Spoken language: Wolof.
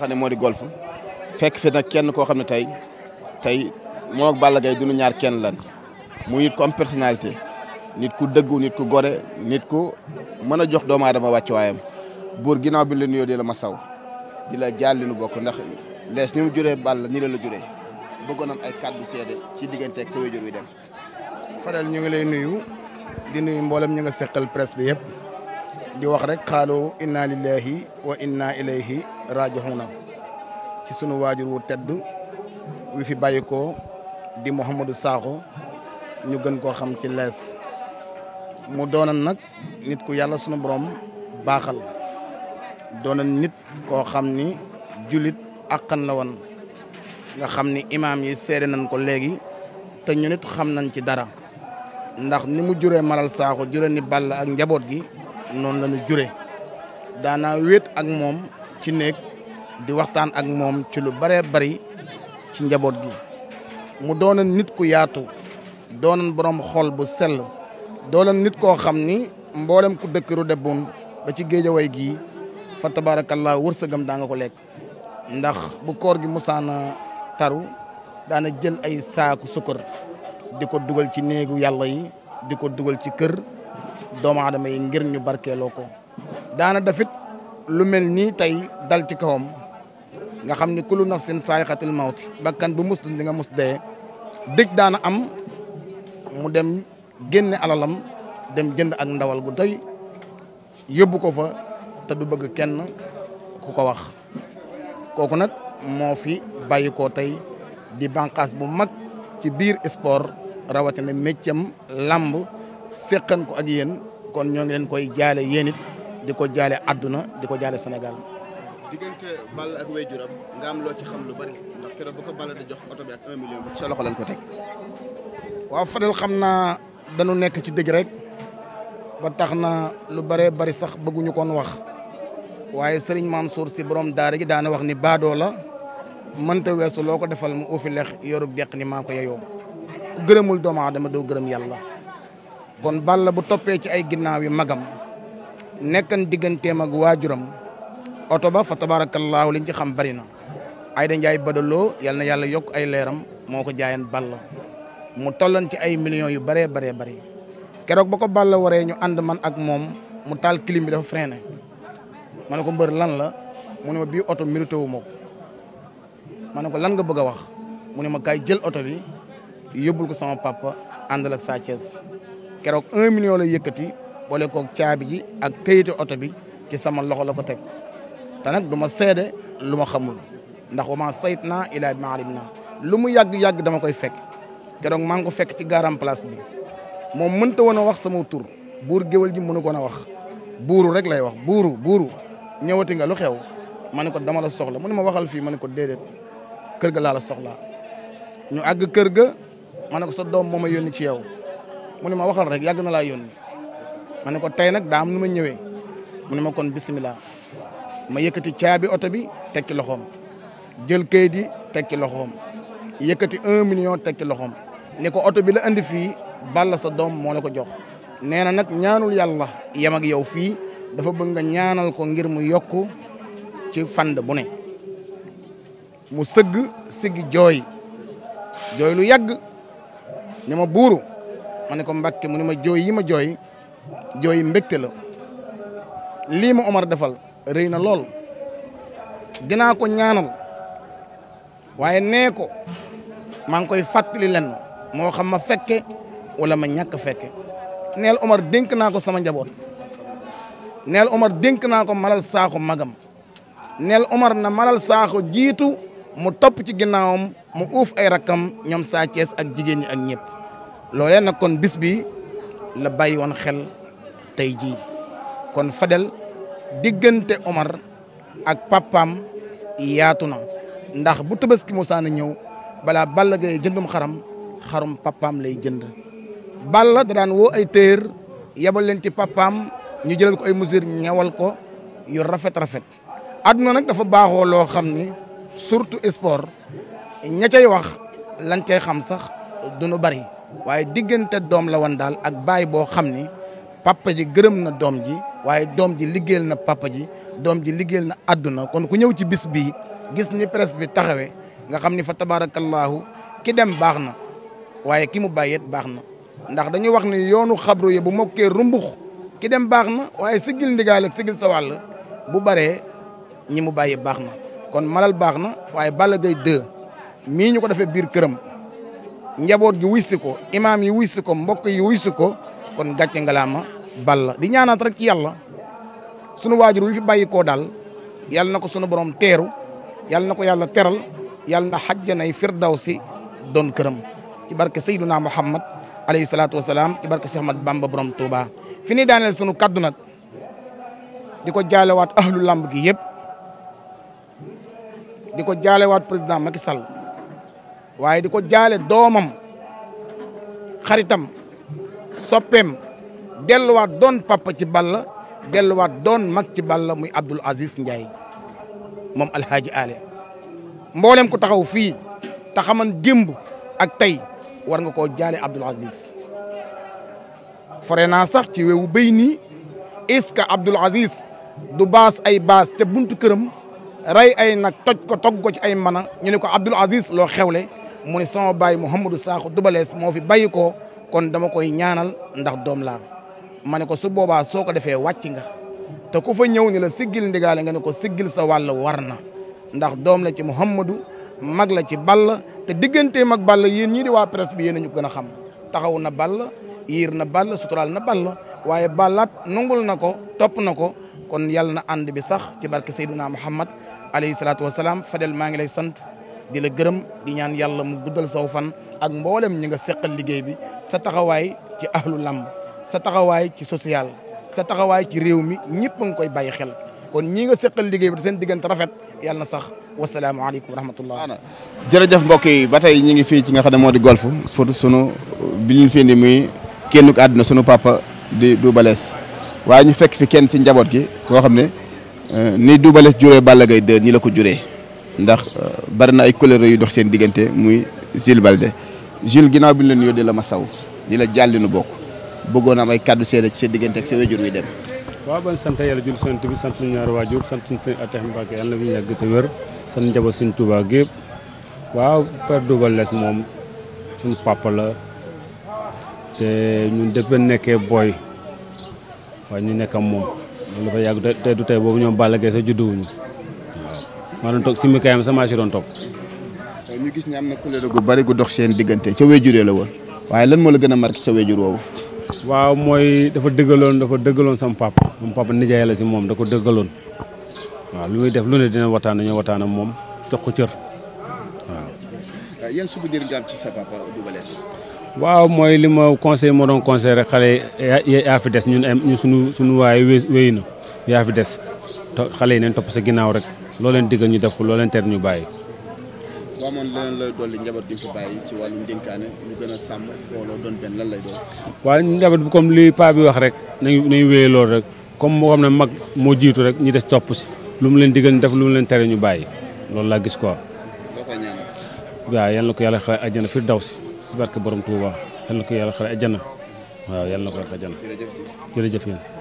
xam ne moo di golf fekk fi nag kenn koo xam ne tey tey moom ak Balla Gaye ñaar kenn lan mu nit ku am personnalité nit ku dëggu nit ku gore nit ku mën a jox doomu aadama wàccuwaayam buur ginnaaw bi la nuyoo di la ma saw di la jaal li bokk ndax lees ni mu juree Balla ni la la juree bëggoon am ay kàddu ci digganteeg sa wéjur wi dem. Fadel ñu ngi lay nuyu di nuyu mboolem ñu nga seqal presse bi yëpp di wax rek xaalu inna lillahi wa inna ilayhi raji'un ci sunu waajur wu tedd wi fi bàyyi ko di Mouhamadou Sakho ñu gën koo xam ci lees mu doona nag nit ku yàlla sunu borom baaxal doona nit koo xam ni jullit àqan la woon nga xam ni imaam yi seede nañ ko léegi te ñu nit xam nañ ci dara ndax ni mu juree Malal Sakho jure ni Balla ak njaboot gi noonu la ñu jure daanaa wéet ak moom ci néeg di waxtaan ak moom ci lu bëree bëri ci njaboot gi mu doonan nit ku yaatu doonan borom xol bu sell doonan nit koo xam ni mboolem ku dëkk Route de ba ci géejaway gii fa tabaarakallaa wërsëgam daa nga ko lekk ndax bu koor gi musaana taru daana jël ay saaku sukkar di ko dugal ci néegu yàlla yi di ko dugal ci kër doomu aadama yi ngir ñu barkeeloo ko daana dafit lu mel nii tey dal ci kawam nga xam ni kullu nafsin saayixatil mawti kan bu mustu di nga mus dee dëj daana am mu dem génne alalam dem jënd ak ndawal gu day yóbbu ko fa te du bëgg kenn ku ko wax kooku nag moo fi bàyyi koo tey di bànqaas bu mag ci biir sport rawatina méccam làmb séqan ko ak yéen kon ñoo ngi leen koy jaale yéen di ko jaale àdduna di ko jaale Sénégal diggante Balla ak wéjuram nga am loo ci xam lu bari ndax keroog bu ko Balla di jox oto bi ak un million sa loxo lañ ko teg. waaw xam naa dañu nekk ci dëgg rek tax na lu baree bari sax bëgguñu koon wax waaye Serigne Mansour si borom daara gi daana wax ni baadoo la mënta weesu loo ko defal mu uufi lex yorub deq ni maa ko yeyoo ku doomu aadama doo gërëm yàlla kon Balla bu toppee ci ay ginnaaw yu magam nekkan digganteem ak waajuram. oto ba fa tabaarakallaahu liñ ci xam bari na Ayda Njaay badaloo yal na yàlla yokk ay leeram moo ko jaayan Balla mu tollan ci ay millions yu bëree baree bari keroog ba ko Balla waree ñu ànd man ak moom mu taal clim bi dafa freiné ma ne ko mbër lan la mu ne ma bii oto mérité wu ma ko ne ko lan nga bëgg a wax mu ne ma kaay jël oto bi yóbbul ko sama papa àndal ak Sa Thiès keroog un million la yëkkati boole koog caabi ji ak kayitu oto bi ci sama loxo la ko teg te nak duma sédé luma xamul ndax wama saytna ila naa ilaa ma alim naa lu mu dama koy fekk kérok maa ko fekk ci garam place bi mom mënta woon a wax sama tour bour géwél ji mënu ko na wax bouru rek lay wax bouru bouru ñewati nga lu xew ma ko dama la soxla mune ma waxal fi ma ko kër ga la la soxla ñu ag kër ga sa dom moma yoni ci yow mune ma waxal rek yag na la yoni ko am numa mune ma kon Bismillah. ma yëkkati caabi oto bi tekki ci loxoom jël kayit tekki teg ci loxoom yëkkati un million teg loxoom ni ko oto bi la andi fii Balla sa doom moo la ko jox. nee na nag ñaanul yàlla yem ak yow fii dafa bëgg nga ñaanal ko ngir mu yokk ci fand bu ne mu sëgg siggi jooy jooy lu yàgg ñama ma buuru ma ne ko mbàkke mu ne ma jooy yi ma jooy jooy mbégte la lii ma Omar defal. rëy na lool dinaa ko ñaanal waaye nee ko maa ngi koy fàttali lenn moo xam ma fekke wala ma ñàkk fekke neel Omar dénk naa ko sama njaboot neel Omar dénk naa ko malal saaxu magam neel Omar na malal saaxu jiitu mu topp ci ginnaawam mu uuf ay rakkam ñoom saa ak jigéen ñi ak ñëpp loolee nag kon bis bi la bàyyi woon xel tey jii kon Fadel diggante Omar ak papam yaatu na ndax bu tabaski mosaan a ñëw balaa Balla Gaye jëndum xaram xarum papaam lay jënd Balla da daan woo ay téer yebal leen ci papam ñu jëlal ko ay mesures ñewal ko yu rafet rafet. adduna nag dafa baaxoo loo xam ni surtout sport ña cay wax lañ cay xam sax du nu bari waaye diggante doom la woon daal ak baay boo xam ni papa ji gërëm na doom ji. waaye doom ji liggéeyal na papa ji doom ji liggéeyal na àdduna kon ku ñëw ci bis bii gis ni presse bi taxawee nga xam ni fa tabaarakallaahu ki dem baax na waaye ki mu bàyyeet baax na ndax dañuy wax ni yoonu xabru yi bu mokkee rumbux ki dem baax na waaye sigil ndigaal ak sigil sa wàll bu baree ñi mu bàyyi baax na kon malal baax na waaye Balla Gaye 2 mii ñu ko defee biir këram njaboot gi wuy ko imaam yi wuy ko mbokk yi wuy si ko kon gàcce ngalaama bal di ñaanat rek ci sunu waajur wi fi bayiko dal yalla nako suñu sunu borom teru, yalla nako yalla teral yalla na hajjana firdausi don kërëm ci barke sayyiduna Muhammad alayhi salatu wassalam ci barke Cheikh Ahmad Bamba borom Touba. Fini daanel suñu sunu kaddu nak. di ko wat ahlu lamb gi yeb di ko wat president Macky Sall waye di ko domam xaritam sopem delluwaat doon papa ci Balla delluwaat doon mag ci Balla muy Abdoul Aziz Ndiaye moom alhaaji ale mboolem ku taxaw fii te xaman démb ak tey war nga koo jaale Abdoul fore naa sax ci wewu béy nii est-ce que Abdoul Aziz du baas ay baas te buntu këram ray ay nag toj ko togg ko ci ay mana ñu ne ko Abdoul Aziz loo xewle mu ne sama baay Mouhamadou Sakho Doubalès moo fi bàyyi ko kon dama koy ñaanal ndax doom laa ma ne ko su boobaa soo ko defee wàcc nga te ku fa ñëw ni la siggil ndigaale nga ne ko siggil sa wàll war na ndax doom la ci Muhammadu mag la ci Balla te digganteem mag Balla yéen ñii di waa presse bi yéen ñu gën a xam taxaw na Balla yiir na Balla suturaal na Balla waaye Ballaat nungul na ko topp na ko kon yàlla na ànd bi sax ci barke Seydina Muhammad alayhi salaatu wa salaam Fadel maa ngi lay sant di la gërëm di ñaan yàlla mu guddal saw fan ak mboolem ñi nga seqal liggéey bi sa taxawaay ci ahlu lamb sa taxawaay ci social sa taxawaay ci réew mi ñëpp a ngi koy bàyyi xel kon ñii nga seqal liggéey bi seen diggante rafet yàlla na sax wasalaamaaleykum wa rahmatullah jërëjëf mbokk yi ba tey ñu ngi fii ci nga xam ne moo di golf foofu sunu bi ñu fi muy kenn ku àdduna sunu papa di Double Less waaye ñu fekk fi kenn fi njaboot gi koo xam ne euh, ni Double Less juree Balla Gaye 2 nii la ko juree ndax euh, bari na ay couleur yu dox seen diggante muy Jules Balde Jules ginnaaw bi ñu leen yóddee la ma saw di la jàll bokk. bëggoon am ay kàddu seede ci sa diggante ak sa wéjur wi dem. waaw ban sant yàlla jul sant bi sant suñu ñaari waajur sant suñu sëñ Atex Mbacke yàlla na fi ñu yàgg te wér sant njaboot suñu Tuubaa gépp waaw Père Double Less moom suñu papa la te ñun def nekkee booy waaye ñu nekkam moom loolu dafa yàgg te du tey boobu ñoom Balla Gaye sa judduwuñu waaw maa doon toog si mikaayam sama si doon toog. ñu gis ne am na kuréel gu bari gu dox seen diggante ca wéjuree la woon waaye lan moo la gën a mark ca wéjur woowu. waaw mooy dafa dëggaloon dafa dëggaloon sama papa sama papa nijaay la si moom da ko dëggaloon waaw lu muy def lu ne dina waxtaan dañoo waxtaan ak moom jox ko cër waaw. yan souvenir nga am waaw mooy li ma conseil moo doon conseil rek xale yi yaa fi des ñun ñu suñu suñu waay wéy na yaa fi des xale yi neen topp sa ginnaaw rek loo leen diggal ñu def ko loo leen ñu bàyyi. boo amoon leneen lay dolli njaboot gi fi bàyyi ci wàllu ndénkaane ñu gën a sàmm booloo doon benn lan lay doon. waaye njaboot bi comme li paa bi wax rek nañu nañu wéyee loolu rek comme moo xam ne mag moo jiitu rek ñu des topp si lu mu leen digal ñu def lu mu leen tere ñu bàyyi loolu laa gis ko loo koy waaw yal na ko yàlla xare àjjana fi daw si si barke borom Touba yal na ko yàlla xare àjjana waaw yal na ko yàlla xare àjjana. jërëjëf